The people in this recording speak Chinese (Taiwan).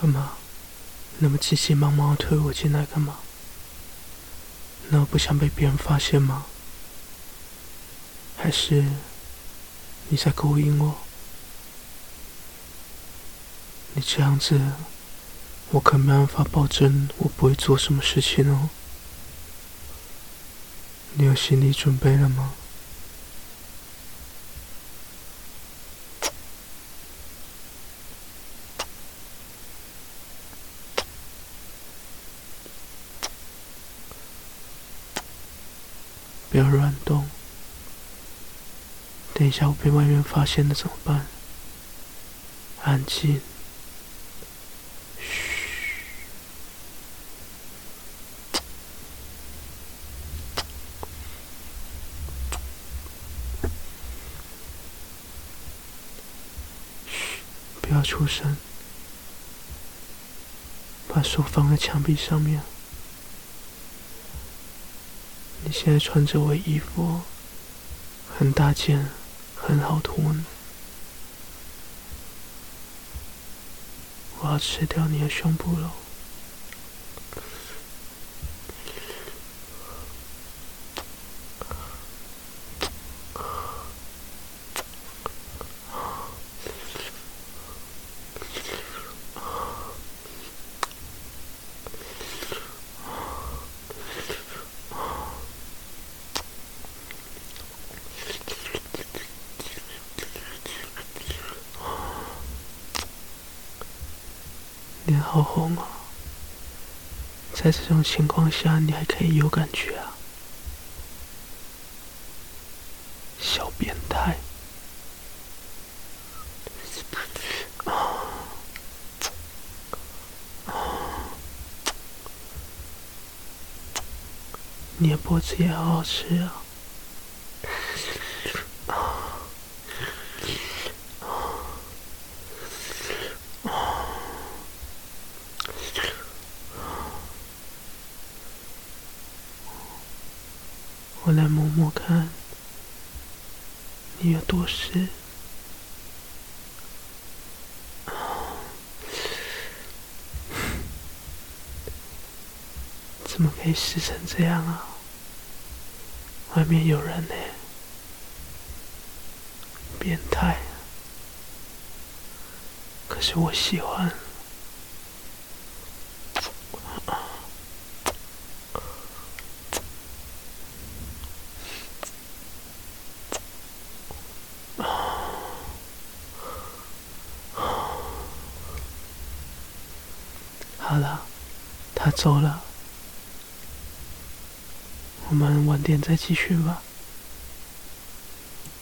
幹嘛？那麼急急忙忙地推我進來幹嘛？那我不想被別人發現嗎？還是你在勾引我？你這樣子，我可沒辦法保證我不會做什麼事情哦。你有心理準備了嗎？不要亂動，等一下我被外面發現了怎麼辦？安靜，噓，噓，不要出聲，把手放在牆壁上面。你現在穿着我的衣服，很大件，很好脫。我要吃掉你的胸部了。臉好紅啊、哦。在這種情況下你還可以有感覺啊，小變態！啊，啊，你的脖子也好好吃啊。 我來摸摸看，你有多濕？啊， 怎麼可以濕成這樣啊？外面有人呢、欸，變態！可是我喜歡。好了，他走了，我們晚點再繼續吧。